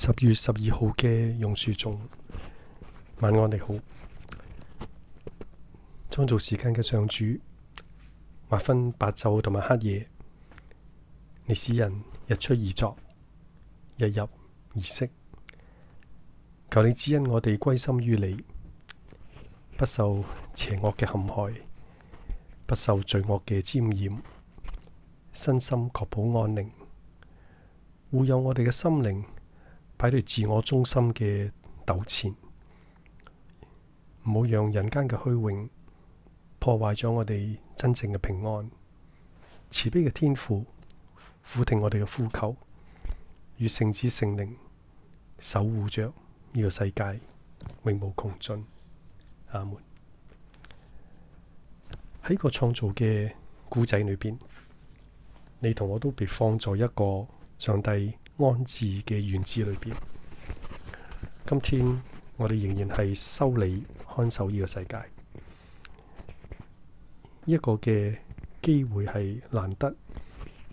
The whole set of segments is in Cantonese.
十月十二號嘅榕樹中，晚安你好。創造時間嘅上主劃分白晝同埋黑夜，你使人日出而作，日入而息。求你指引我哋歸心於你，不受邪惡嘅陷害，不受罪惡嘅沾染，身心確保安寧，護佑我哋嘅心靈。擺脫自我中心嘅糾纏，唔好讓人間嘅虛榮破壞咗我哋真正嘅平安。慈悲嘅天父，俯聽我哋嘅呼求，與聖子聖靈守護着呢個世界，永無窮盡。阿門。喺個創造嘅故仔裏邊，你同我都被放在一個上帝，安置嘅園子裏邊，今天我哋仍然係修理看守呢個世界，一個嘅機會係難得，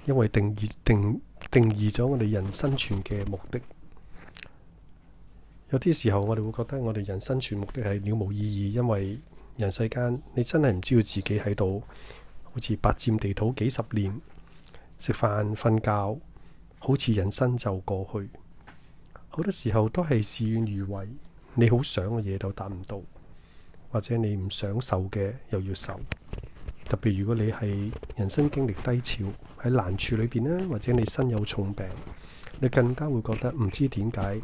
因為定義定定義咗我哋人生存嘅目的。有啲時候我哋會覺得我哋人生存嘅目的係了無意義，因為人世間你真係唔知道自己喺度，好似白佔地土幾十年，食飯瞓覺。好似人生就過去，好多時候都係事與願違。你好想嘅嘢都達唔到，或者你唔想受嘅又要受。特別如果你係人生經歷低潮，喺難處裏邊呢，或者你身有重病，你更加會覺得唔知點解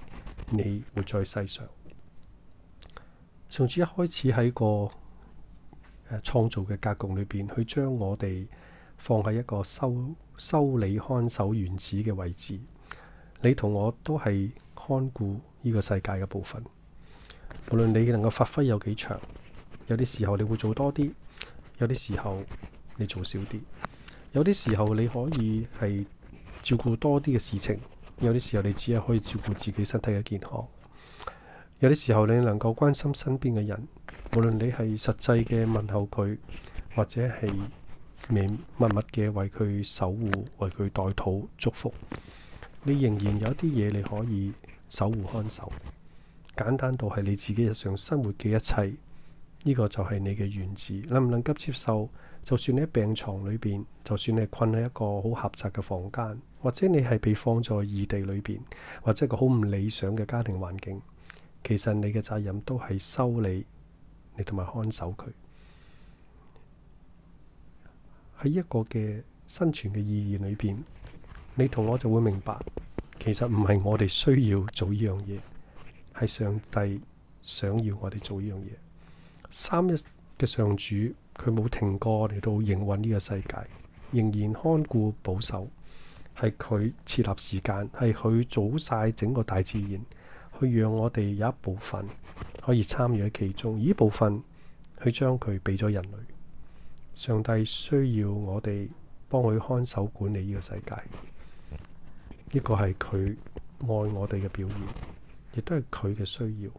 你活在世上。從此一開始喺個誒創造嘅格局裏邊，去將我哋。放喺一個修修理看守原子嘅位置。你同我都係看顧呢個世界嘅部分。無論你能夠發揮有幾長，有啲時候你會做多啲，有啲時候你做少啲。有啲時候你可以係照顧多啲嘅事情，有啲時候你只係可以照顧自己身體嘅健康。有啲時候你能夠關心身邊嘅人，無論你係實際嘅問候佢，或者係。你默默嘅為佢守護，為佢代禱祝福。你仍然有啲嘢你可以守護看守，簡單到係你自己日常生活嘅一切。呢、這個就係你嘅園子。能唔能急接受？就算你喺病床裏邊，就算你困喺一個好狹窄嘅房間，或者你係被放在異地裏邊，或者個好唔理想嘅家庭環境，其實你嘅責任都係修理，你同埋看守佢。喺一個嘅生存嘅意義裏邊，你同我就會明白，其實唔係我哋需要做呢樣嘢，係上帝想要我哋做呢樣嘢。三一嘅上主佢冇停過嚟到營運呢個世界，仍然看顧保守，係佢設立時間，係佢組晒整個大自然，去讓我哋有一部分可以參與喺其中，而呢部分佢將佢俾咗人類。上帝需要我哋幫佢看守管理呢個世界，呢個係佢愛我哋嘅表現，亦都係佢嘅需要。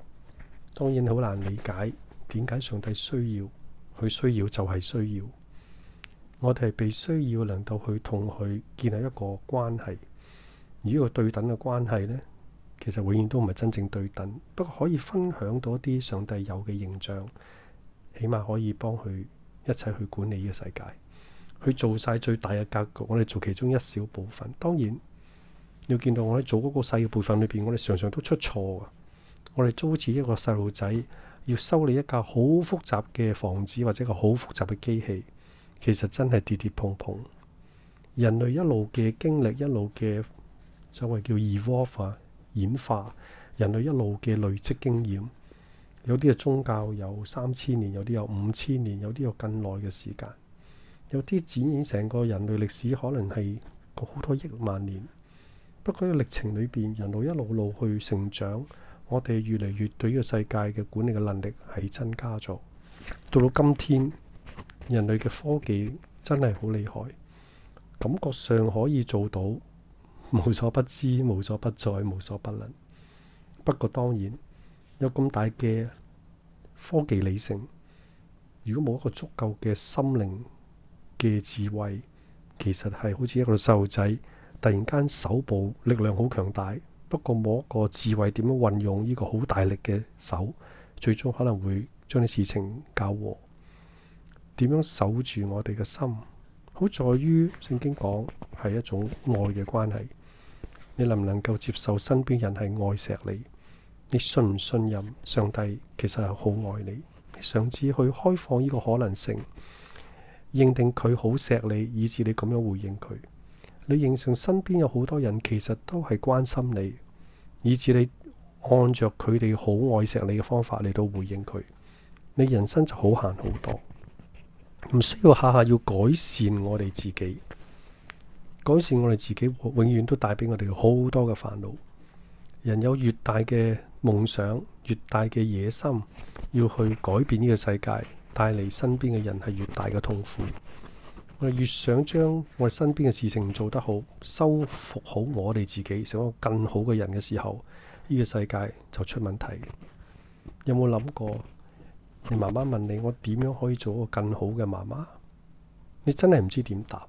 當然好難理解點解上帝需要，佢需要就係需要。我哋係被需要，能夠去同佢建立一個關係。而呢個對等嘅關係呢，其實永遠都唔係真正對等，不過可以分享到啲上帝有嘅形象，起碼可以幫佢，一齊去管理呢個世界，去做晒最大嘅格局。我哋做其中一小部分，當然要見到我哋做嗰個細嘅部分裏邊，我哋常常都出錯啊！我哋好似一個細路仔要修理一架好複雜嘅房子或者個好複雜嘅機器，其實真係跌跌碰碰。人類一路嘅經歷，一路嘅所謂叫 evolve 啊，演化，人類一路嘅累積經驗。有啲嘅宗教有三千年，有啲有五千年，有啲有更耐嘅時間，有啲展現成個人類歷史，可能係好多億萬年。不過喺歷程裏邊，人類一路路去成長，我哋越嚟越對呢個世界嘅管理嘅能力係增加咗。到到今天，人類嘅科技真係好厲害，感覺上可以做到無所不知、無所不在、無所不能。不過，當然。有咁大嘅科技理性，如果冇一個足夠嘅心靈嘅智慧，其實係好似一個細路仔，突然間手部力量好強大，不過冇一個智慧點樣運用呢個好大力嘅手，最終可能會將啲事情搞和。點樣守住我哋嘅心？好在於聖經講係一種愛嘅關係。你能唔能夠接受身邊人係愛錫你？你信唔信任上帝？其實係好愛你。你嘗試去開放呢個可能性，認定佢好錫你，以至你咁樣回應佢。你認成身邊有好多人，其實都係關心你，以至你按着佢哋好愛錫你嘅方法嚟到回應佢。你人生就好閒好多，唔需要下下要改善我哋自己。改善我哋自己，永遠都帶俾我哋好多嘅煩惱。人有越大嘅。夢想越大嘅野心，要去改變呢個世界，帶嚟身邊嘅人係越大嘅痛苦。我越想將我身邊嘅事情做得好，修復好我哋自己，成為更好嘅人嘅時候，呢個世界就出問題。有冇諗過？你媽媽問你，我點樣可以做一個更好嘅媽媽？你真係唔知點答。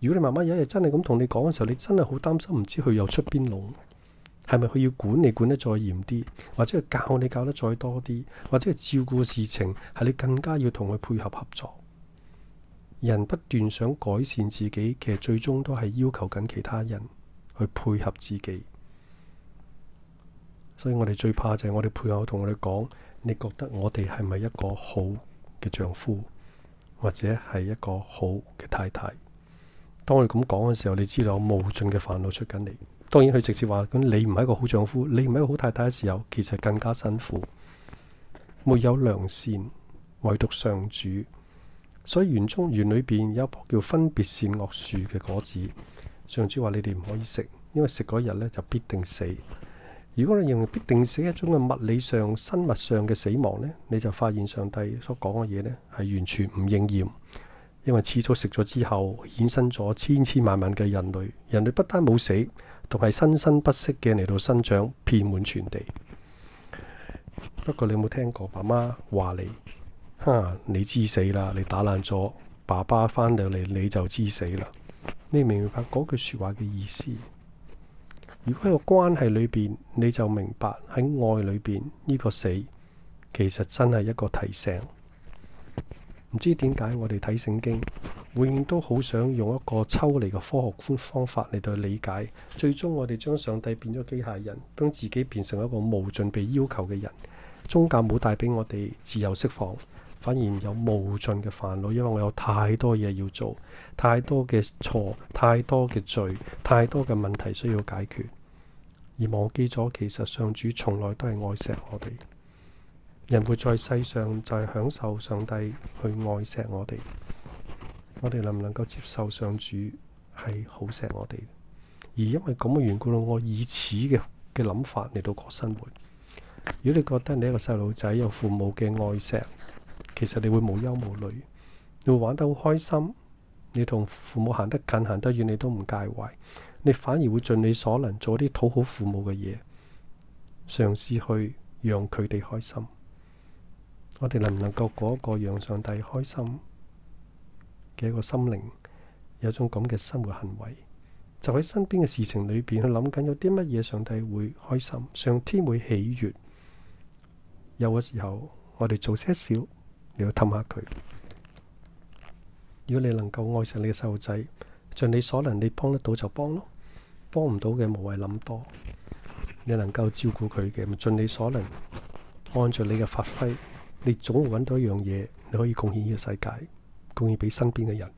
如果你媽媽有一日真係咁同你講嘅時候，你真係好擔心，唔知佢又出邊籠。係咪佢要管你管得再嚴啲，或者佢教你教得再多啲，或者係照顧事情，係你更加要同佢配合合作。人不斷想改善自己，其實最終都係要求緊其他人去配合自己。所以我哋最怕就係我哋配合，我同佢講，你覺得我哋係咪一個好嘅丈夫，或者係一個好嘅太太？當我哋咁講嘅時候，你知道我無盡嘅煩惱出緊嚟。當然，佢直接話咁：你唔係一個好丈夫，你唔係一個好太太嘅時候，其實更加辛苦，沒有良善唯獨上主。所以園中園裏邊有一樖叫分別善惡樹嘅果子，上主話你哋唔可以食，因為食嗰日呢就必定死。如果你認為必定死係一種嘅物理上、生物上嘅死亡呢，你就發現上帝所講嘅嘢呢係完全唔應驗，因為始終食咗之後衍生咗千千萬萬嘅人類，人類不單冇死。同係生生不息嘅嚟到生長，遍滿全地。不過你有冇聽過爸爸話你？哈，你知死啦，你打爛咗，爸爸返到嚟你就知死啦。你明唔明白嗰句說話嘅意思？如果喺個關係裏邊，你就明白喺愛裏邊呢個死，其實真係一個提醒。唔知點解我哋睇聖經，永遠都好想用一個抽離嘅科學方法嚟到理解。最終我哋將上帝變咗機械人，將自己變成一個無盡被要求嘅人。宗教冇帶俾我哋自由釋放，反而有無盡嘅煩惱，因為我有太多嘢要做，太多嘅錯，太多嘅罪，太多嘅問題需要解決，而忘記咗其實上主從來都係愛錫我哋。人活在世上就係享受上帝去愛錫我哋，我哋能唔能夠接受上主係好錫我哋？而因為咁嘅緣故，我以此嘅嘅諗法嚟到過生活。如果你覺得你一個細路仔有父母嘅愛錫，其實你會無憂無慮，你會玩得好開心。你同父母行得近，行得遠，你都唔介懷，你反而會盡你所能做啲討好父母嘅嘢，嘗試去讓佢哋開心。我哋能唔能夠嗰個讓上帝開心嘅一個心靈，有種咁嘅生活行為，就喺身邊嘅事情裏邊去諗緊有啲乜嘢上帝會開心，上天會喜悅。有嘅時候，我哋做些少，你要氹下佢。如果你能夠愛上你嘅細路仔，盡你所能，你幫得到就幫咯，幫唔到嘅無謂諗多。你能夠照顧佢嘅，咪盡你所能，按照你嘅發揮。你總會揾到一樣嘢，你可以貢獻呢個世界，貢獻俾身邊嘅人。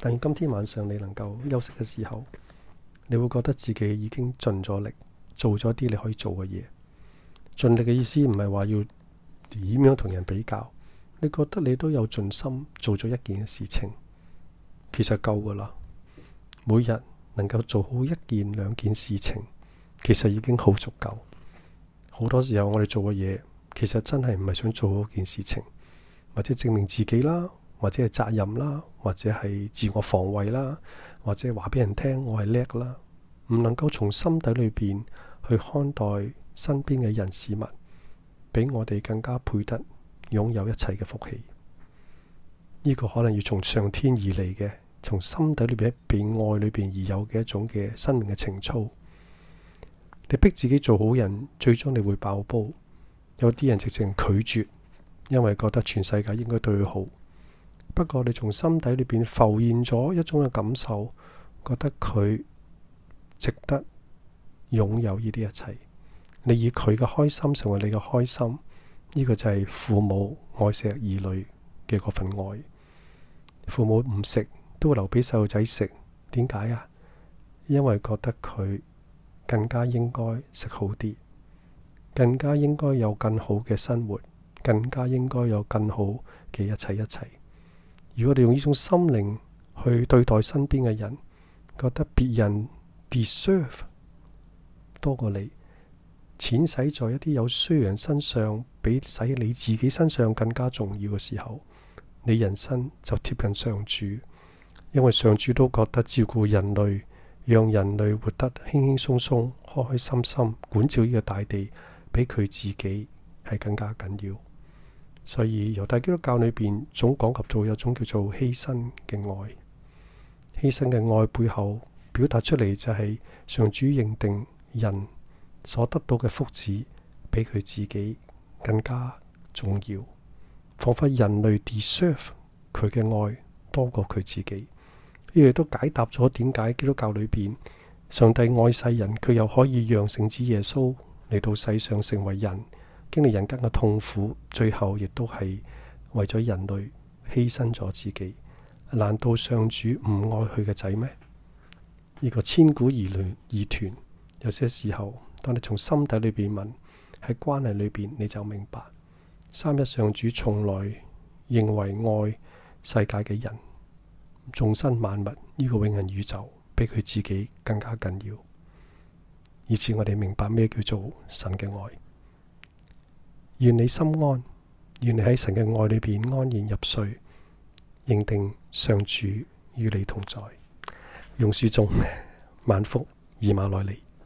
但係今天晚上你能夠休息嘅時候，你會覺得自己已經盡咗力，做咗啲你可以做嘅嘢。盡力嘅意思唔係話要點樣同人比較，你覺得你都有盡心做咗一件事情，其實夠㗎喇。每日能夠做好一件、兩件事情，其實已經好足夠。好多時候我哋做嘅嘢。其實真係唔係想做嗰件事情，或者證明自己啦，或者係責任啦，或者係自我防衛啦，或者話俾人聽我係叻啦。唔能夠從心底裏邊去看待身邊嘅人事物，比我哋更加配得擁有一切嘅福氣。呢個可能要從上天而嚟嘅，從心底裏邊喺愛裏邊而有嘅一種嘅生命嘅情操。你逼自己做好人，最終你會爆煲。有啲人直情拒絕，因為覺得全世界應該對佢好。不過你從心底裏邊浮現咗一種嘅感受，覺得佢值得擁有呢啲一切。你以佢嘅開心成為你嘅開心，呢個就係父母愛錫兒女嘅嗰份愛。父母唔食都會留俾細路仔食，點解啊？因為覺得佢更加應該食好啲。更加應該有更好嘅生活，更加應該有更好嘅一切。一切。如果你用呢種心靈去對待身邊嘅人，覺得別人 deserve 多過你，錢使在一啲有需要人身上，比使你自己身上更加重要嘅時候，你人生就貼近上主，因為上主都覺得照顧人類，讓人類活得輕輕鬆鬆、開開心心，管照呢個大地。比佢自己係更加緊要，所以猶太基督教裏邊總講及到有一種叫做犧牲嘅愛。犧牲嘅愛背後表達出嚟就係上主認定人所得到嘅福祉比佢自己更加重要，仿佛人類 deserve 佢嘅愛多過佢自己。呢亦都解答咗點解基督教裏邊上帝愛世人，佢又可以讓聖子耶穌。嚟到世上成為人，經歷人間嘅痛苦，最後亦都係為咗人類犧牲咗自己。難道上主唔愛佢嘅仔咩？呢、這個千古疑論疑團，有些時候當你從心底裏邊問喺關係裏邊，你就明白，三一上主從來認為愛世界嘅人、眾生萬物呢、這個永恒宇宙比佢自己更加緊要。以此我哋明白咩叫做神嘅愛。願你心安，願你喺神嘅愛裏邊安然入睡，認定上主與你同在。用書中，萬福以馬內利。